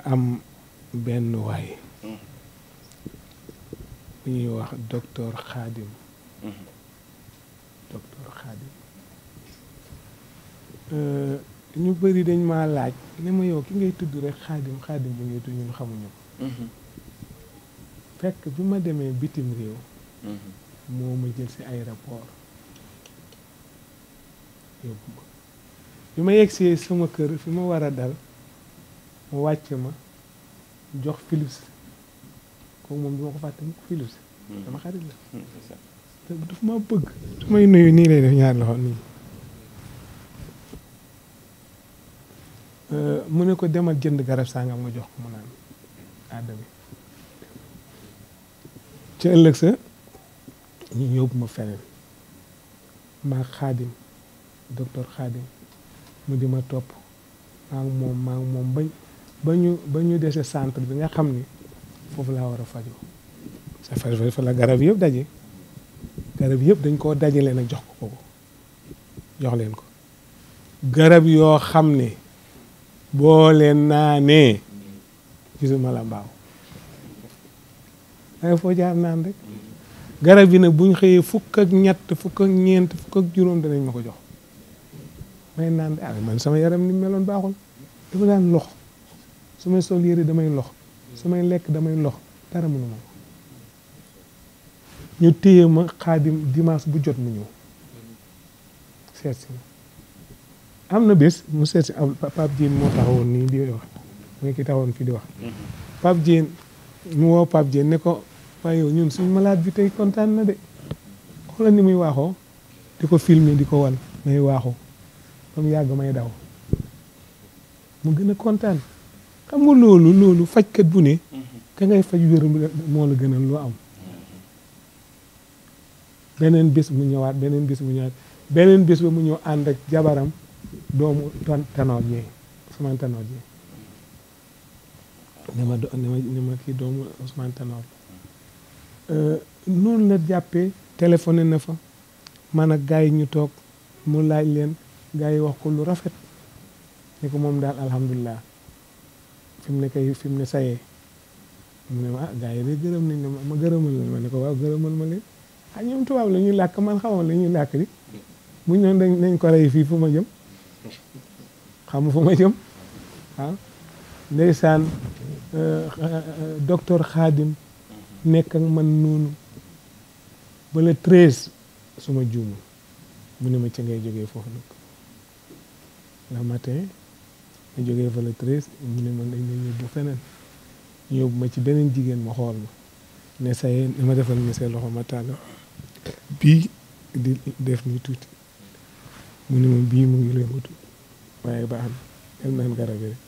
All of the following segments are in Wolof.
am benn waay bu ñuy wax docteur Khadim docteur Khadim euh, ñu bëri dañ maa laaj ne ma yow ki ngay tudd rek Khadim Khadim bu ngay tudd ñun ko mhm. fekk bi ma demee bitim réew mhm. moo ma jël si aéroport yóbbu ma bi ma yegsee sama kër fi ma war a dal mu wàcce ma jox Philips kooku moom du ko fàtte mu ko Philips dama mm-hmm. xarit la mm-hmm, te dafa ma bëgg su may nuyu nii lay def ñaari loxo nii euh, mu ne ko demal jënd garab sangam nga jox ko mu naan addami ci ëllëg sa ñu yóbbu ma feneen maa xaadim docteur xaadim mu di ma topp maa moom maa moom bañ ba ñu ba ñu dese centre bi nga xam ni foofu laa war a fajoo sa fa fa la garab yëpp daje garab yëpp dañ koo dajale a jox ko ko jox leen ko garab yoo xam ne boo leen naanee gisuma la mbaaw danga jaar naan garab yi nag buñ xëyee fukk ak fukk ak juróom danañ ma ko jox may naan de ah, man sama yaram ni meloon baaxul dafa daan lox su may sol yére damay lox su may lekk damay lox dara mënu ma ñu téye ma xaadim dimanche bu jot mu ñëw seet si ma am na bés mu seet si am Pape Diène moo wax mooy ki fii di wax Pape Diène mu woo ne ko waaye yow ñun suñ malade bi tey kontaan na de xoolal ni muy waaxoo di ko filmer di ko wan may waaxu ba mu yàgg may daw mu gën kontaan xam nga loolu loolu fajkat bu ne mhm. ka ngay faj wér moo la gënal loo am mhm. beneen bés mu ñëwaat beneen bis mu ñëwaat beneen bis ba mu ñëw ànd ak jabaram doomu tanoor ñee Ousmane Tanor ñee kii doomu Ousmane Tanor mhm. euh, noonu la jàppee téléphoné na fa man ak gars yi ñu toog mu laaj leen gars yi wax ko lu rafet ne ko moom daal alhamdulilah fi mu ne kay fi mu ne sayee mu ne ma ah gars yi de gërëm nañ ma ma gërëmal leen ma ne ko waaw gërëmal ma leen ah ñoom tubaab la ñuy làkk man xamoon la ñuy làkk di bu ñoon dañ nañ ko rey fii fu ma jëm xam fu ma jëm ah ndeysaan euh, euh, euh, docteur Khadim nekk ak man noonu ba le treize suma juumul mu ne ma ci ngay jógee foofu nag le matin ma jógee fa le treize mu ne man dañ lay yóbbu feneen yóbbu ma ci beneen jigéen ma xool ma ne sa yéen ma defal ni seen loxo ma tàllal bii di def ni tuuti mu ne ma bii mu ngi lay wutu waaye baax na dem naan garab yi rek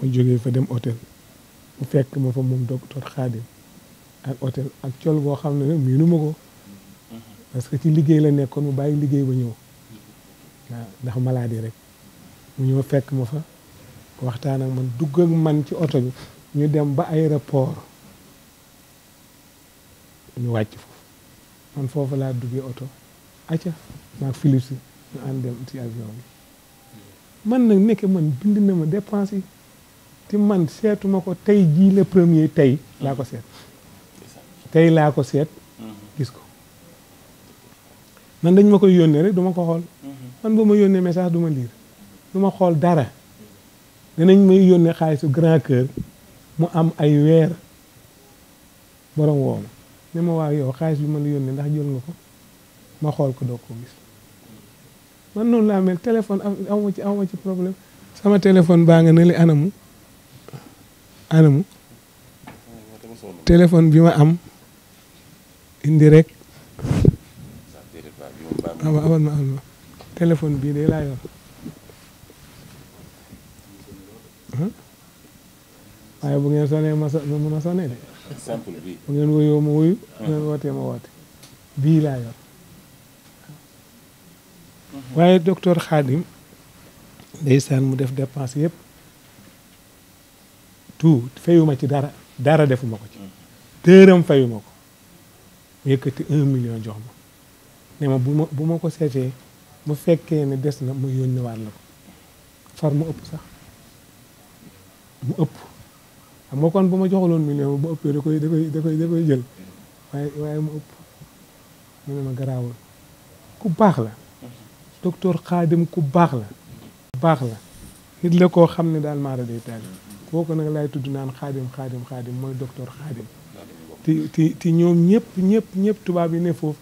ma jógee fa dem hôtel mu fekk ma fa moom docteur Khadim ak hôtel ak col goo xam ne nag miinu ma ko mhm. parce que ci liggéey la nekkoon mu bàyyi liggéey ba ñëw ndax maladie rek mu ñëw fekk ma fa waxtaan ak man dugg ak man ci oto bi ñu dem ba aéroport ñu wàcc foofu man foofu laa duggee oto acca maag Philippe ñu ànd dem ci avion man nag nekk man bind na ma dépense ti man seetuma ko tey jii le premier tey laa ko seet tey laa ko seet gis ko man dañ ma koy yónnee rek du ma ko xool mhm. man boo ma yónnee message du liir du ma xool dara danañ may yónnee xaalisu grand cœur mu am ay weer borom wooma ne ma waaw yow xaalis bi ma la yónnee ndax jël nga ko ma xool ko doo ko man noonu laa mel téléphone am ci awma problème sama téléphone baa nga ne li anamu anamu téléphone bi ma am indi rek awa awan am téléphone bii de laa yor waaye mm-hmm. bu ngeen sonee ma so mën de. bu ngeen wuyoo ma wuyu. bu ngeen wootee ma woote bii laa yor mm-hmm. waaye docteur Khadim ndeysaan mu def dépense yëpp tout fayuma ci dara dara defuma ko ci. tëram mm-hmm. fayuma ko yëkkati un million jox ma ne ma bu ma bu ma ko seetee bu fekkee ne des na mu yónni waat la ko far mu ëpp sax. mu ëpp xam nga kon bu ma joxaloon million bu ëppee da koy da koy da koy jël waaye waaye mu ëpp mu ne ma garaawul ku baax la docteur Khadim ku baax la baax la nit la koo xam ne daal maara day taali kooku nag laay tudd naan Khadim Khadim Khadim mooy docteur Khadim ti ti ti ñëpp ñëpp ñëpp tubaab yi ne foofu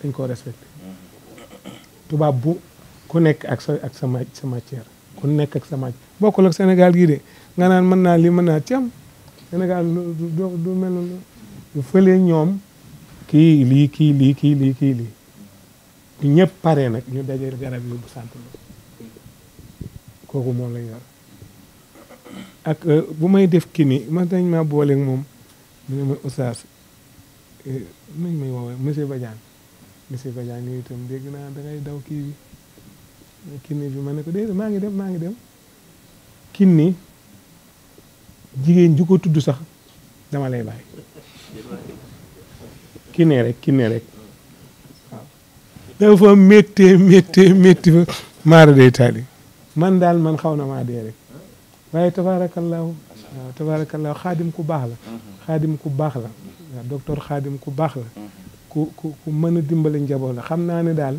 dañ koo respecté tubaab bu ku nekk ak sa ak sa sa matière ku nekk ak sa matière bokkul ak Sénégal gii de nga naan mën naa li mën naa cam Sénégal du mel noonu fële ñoom kii lii kii lii kii lii kii lii ñëpp pare nag ñu dajale garab yi bu sant kooku moo la yor ak euh, bu may def kii nii mas ma boole moom mu ne ma oustaz euh, nañ may woowee monsieur Badiane monsieur Badiane yooyu itam dégg naa da daw kii bi kii bi ma ne ko déedéet maa ngi dem maa ngi dem kii jigéen ju ko tudd sax dama lay bàyyi ki ne rek ki ne rek waaw dafa méttee méttee métti fa maara day taali man daal man xaw na maa dee rek waaye tabaarakallaahu waaw tabaarakallaahu xaadim ku baax la xaadim ku baax la waaw docteur ku baax la ku ku ku mën a dimbali njaboot la xam naa ne daal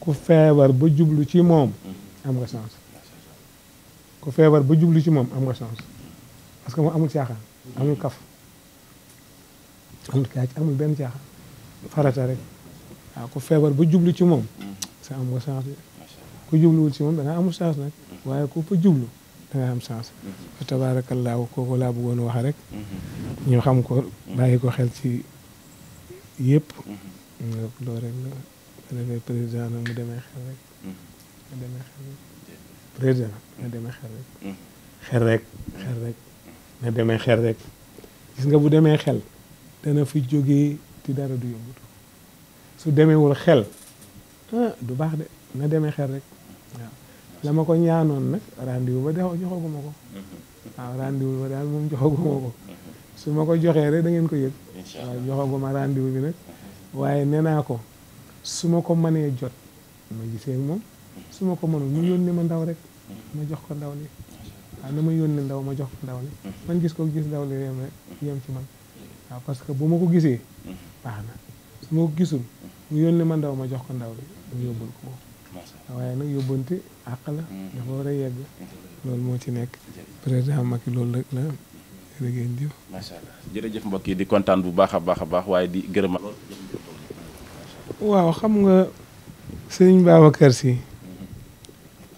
ku feebar ba jublu ci moom am nga chance ku feebar ba jublu ci moom am nga chance parce que mu amul caaxaan amul kaf amul kaaj benn caaxaan farata rek waaw ku feebar ba jublu ci moom sa am nga chance ku jubluwul ci moom da amul chance nag waaye ku fa jublu da nga am chance fa tabaarakallaahu kooku laa bëggoon wax rek ñu xam ko bàyyi ko xel ci yëpp loolu rek la mu demee xel rek demee xel rek président mu demee xel rek xel rek na demee xel rek gis nga bu demee xel dana fi jógee te dara du yëngatu su demeewul xel ah, du baax de na demee xel rek waaw la ma ko ñaanoon nag rendez-vous ba dexoo joxaguma ko waaw rendez-vous ba daal moom joxaguma ko su ma ko joxee rek da ngeen ko yëg waaw joxaguma rendez-vous bi nag waaye nee naa ko su ma ko mënee jot ma gisee moom su ma ko mënul mu yónnee ma ndaw rek ma jox ko ndaw li waaw na ma yónni ndaw ma jox ndaw li mhm. man gis ko gis ndaw li réem rek mhm. yem ci man waaw parce que bu ma ko gisee mhm. baax na su ma ko gisul mu yónni ma ndaw ma jox ko ndaw li mu yóbbul ko moom waaye nag yóbbante àq la dafa war a yegg loolu moo ci nekk président Macky loolu rek la rëgéen jëf macha allah jërëjëf mbokk yi di kontaan bu baax a baax a baax waaye di gërëma waaw xam nga sëriñ Babacar Si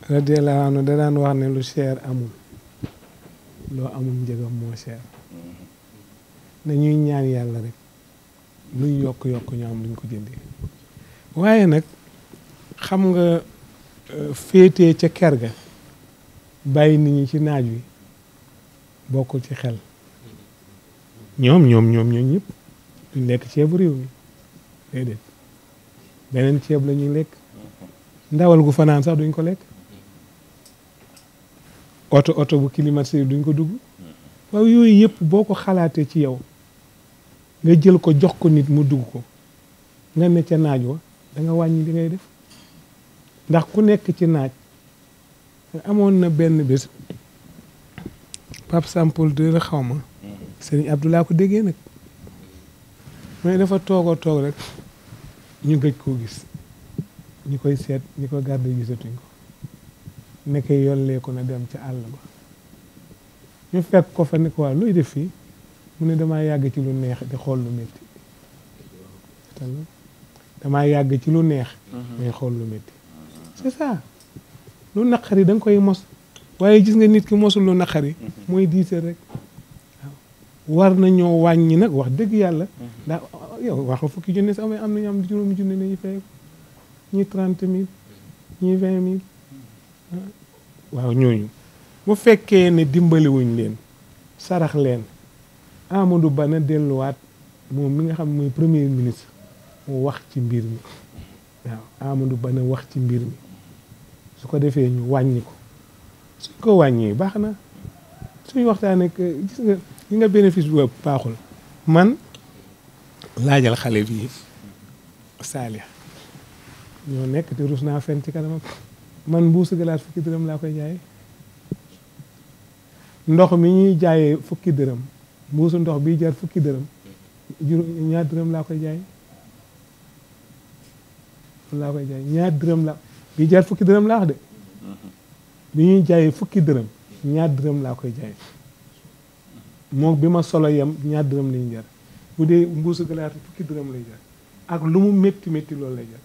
radiyallahu anhu da daan wax ne lu cher amul loo amul njëgam moo cher nañuy ñaan yàlla rek luñ yokk yokk ñu am luñ ko jëndee waaye nag xam nga euh, féetee ca ker ga bàyyi nit ñi ci naaj wi bokkul ci xel ñoom ñoom ñoom ñoom ñëpp duñ lekk ceebu réew mi déedéet beneen ceeb la lekk ndawal gu fanaan sax duñ ko lekk oto oto bu climatisé duñ ko dugg waaw yooyu yëpp boo ko xalaatee ci yow nga jël ko jox ko nit mu dugg ko nga ne ca naaj wa da wàññi li ngay def ndax ku nekk ci naaj amoon na benn bés Pape Sampol de la xaw ma ko déggee nag mooy dafa toog a toog rek ñu gëj koo gis ñu koy seet ñu ko garde gisatuñ ko ne ko yolleeku na dem ca àll ba ñu fekk ko fa ne waaw luy def fii mu ne damaa yàgg ci lu neex di xool lu métti yàgg ci lu neex may mhm. xool lu métti c'est ça lu naqari da nga koy mos waaye gis nga nit ki mosul lu naqari mhm. mooy diisal rek war nañoo wàññi nag wax dëgg yàlla mhm. ndax yow wax fukki junne si amee am nañu am juróomi junne nañu fay ñii trente mille ñii vingt mille waaw ñooñu bu fekkee ne dimbaliwuñ leen sarax leen Amadou Ba na delluwaat moom mi nga xam mooy premier ministre mu wax ci mbir mi waaw Amadou bana wax ci mbir mi su ko defee ñu wàññi ko suñ ko wàññee baax na suñ waxtaanee gis nga li nga bénéfice bu baaxul man laajal xale bii saali ñoo nekk te rus naa fen ci kanamam man mbuusu galaas fukki dërëm laa koy jaay ndox mi ñuy jaayee fukki dërëm mbuusu ndox bi jar fukki dërëm ñaar dërëm laa koy jaay laa koy jaay ñaar dërëm la bi jar fukki dërëm laa wax de ñuy jaayee fukki dërëm ñaar dërëm laa koy jaay moo bi ma solo yem ñaar dërëm lay jar bu dee mbuusu galaas fukki dërëm lay jar ak lu mu métti métti loolu lay jar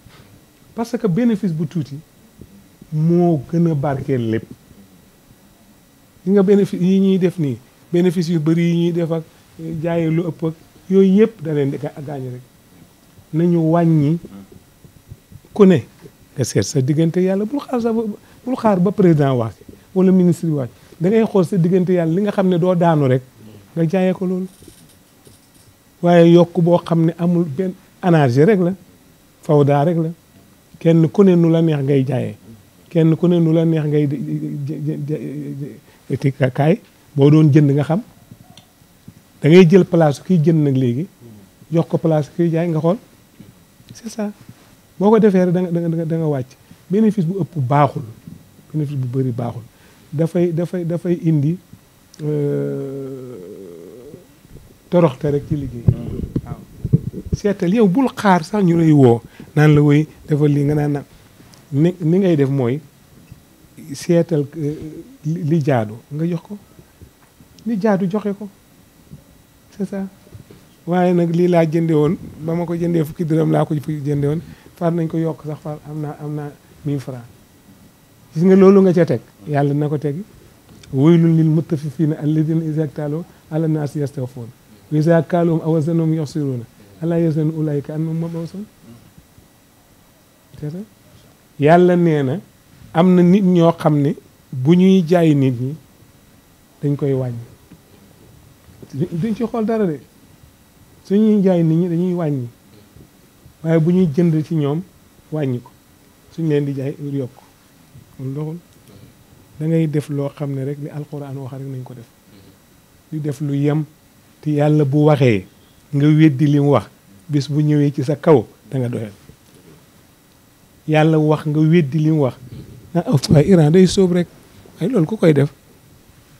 parce que bénéfice bu tuuti moo gën a barkeel lépp li nga bénéfice yii ñuy def nii bénéfice yu bëri yi ñuy def ak jaayee lu ëpp yooyu yëpp da leen di gaañ rek nañu wàññi ku ne nga seet sa diggante yàlla bul xaar xaar ba président wax wala ministre bi wax da ngay xool sa diggante yàlla li nga xam ne doo daanu rek nga jaayee ko loolu waaye yokk boo xam ne amul benn anarchie rek la fawdaa rek la kenn ku ne nu la neex ngay jaayee kenn ku ne nu la neex ngay ti kaay boo doon jënd nga xam da ngay jël place kiy jënd nag léegi jox ko place kiy jaay nga xool c'est sax boo ko defee rek da nga da nga wàcc bénéfice bu ëpp baaxul bénéfice bu bëri baaxul dafay dafay dafay indi toroxte rek ci liggéey seetal yow bul xaar sax ñu lay woo naan la woy dafa lii nga naan nag ni ni ngay def mooy seetal euh, li jaadu nga jox ko li jaadu joxe ko sa ça waaye nag lii laa jënde woon ba ko jëndee fukki dërëm laa ko fukki jënde woon far nañ ko yokk sax far am na am naa mille francs gis nga loolu nga ca teg yàlla na ko tegi waylun lil mutaffifina alladina iza ktaaloo ala naas yastawfoon wa iza kaaluhum aw wazanuhum yaxsiruuna ala yazanu ulaika yàlla nee na am na nit ñoo xam ne bu ñuy jaay nit ñi dañ koy wàññi duñ ci xool dara de su ñuy jaay nit ñi dañuy wàññi waaye bu ñuy jënd ci ñoom wàññi ko suñ leen di jaay yokk loolu doxul da def loo xam ne rek li alxuraan wax rek nañ ko def di def lu yem te yàlla bu waxee nga weddi li mu wax bis bu ñëwee ci sa kaw da nga yàlla wax nga weddi li mu wax ah waaye Iran day rek ay loolu ku koy def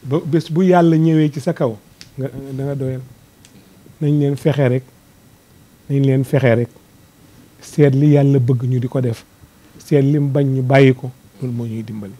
ba bés bu yàlla ñëwee ci sa kaw nga da nga doyal nañ leen fexe rek nañ leen fexe rek seet li yàlla bëgg ñu di ko def seet lim bañ ñu bàyyi ko loolu moo ñuy dimbali